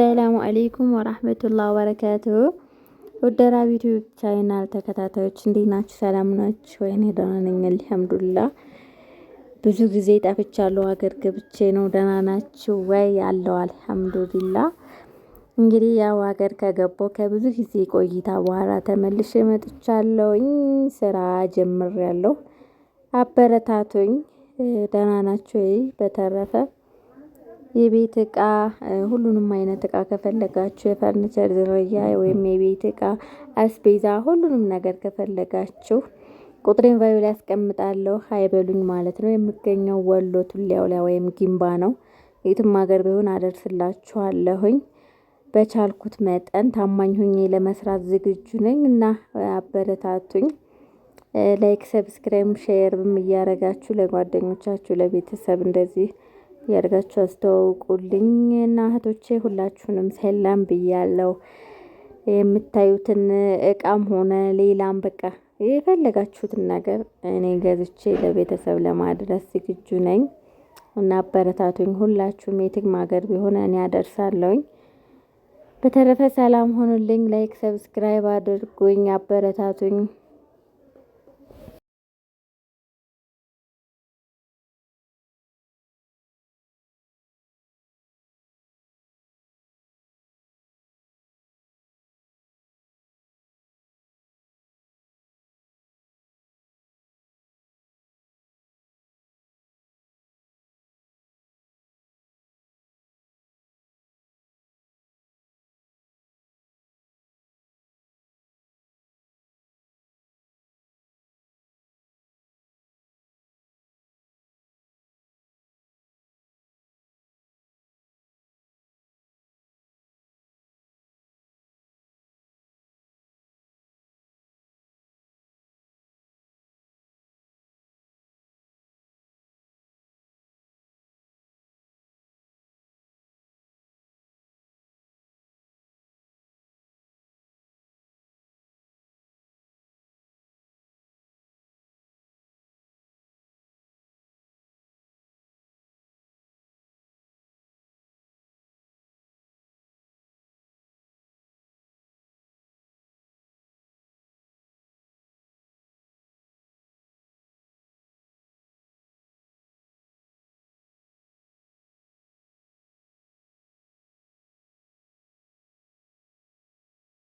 አሰላሙ አሌይኩም ወራህመቱላህ ወበረካቱሁ። ወደራቢ ዩቲዩብ ቻናል ተከታታዮች እንዴት ናችሁ? ሰላም ናችሁ ወይ? እኔ ደህና ነኝ አልሐምዱሊላህ። ብዙ ጊዜ ጠፍቻለሁ፣ ሀገር ገብቼ ነው። ደህና ናችሁ ወይ? ያለው አልሐምዱሊላህ። እንግዲህ ያው ሀገር ከገባሁ ከብዙ ጊዜ ቆይታ በኋላ ተመልሼ መጥቻለሁኝ። ስራ ጀምሬያለሁ። አበረታቶኝ። ደህና ናችሁ ወይ? በተረፈ የቤት እቃ ሁሉንም አይነት እቃ ከፈለጋችሁ የፈርኒቸር ዝርያ ወይም የቤት እቃ አስቤዛ ሁሉንም ነገር ከፈለጋችሁ ቁጥሬን ቫዩ ላይ አስቀምጣለሁ አይበሉኝ ማለት ነው። የምገኘው ወሎ ቱሌ ሆላ ወይም ጊምባ ነው። የትም ሀገር ቢሆን አደርስላችኋለሁኝ። በቻልኩት መጠን ታማኝ ሁኜ ለመስራት ዝግጁ ነኝ እና አበረታቱኝ። ላይክ ሰብስክራይብ ብም እያረጋችሁ ለጓደኞቻችሁ ለቤተሰብ እንደዚህ ያድርጋችሁ አስተዋውቁልኝ። እና እህቶቼ ሁላችሁንም ሰላም ብያለሁ። የምታዩትን እቃም ሆነ ሌላም በቃ የፈለጋችሁትን ነገር እኔ ገዝቼ ለቤተሰብ ለማድረስ ዝግጁ ነኝ እና አበረታቱኝ። ሁላችሁም የትም ሀገር ቢሆን እኔ አደርሳለሁኝ። በተረፈ ሰላም ሆኑልኝ። ላይክ ሰብስክራይብ አድርጉኝ፣ አበረታቱኝ።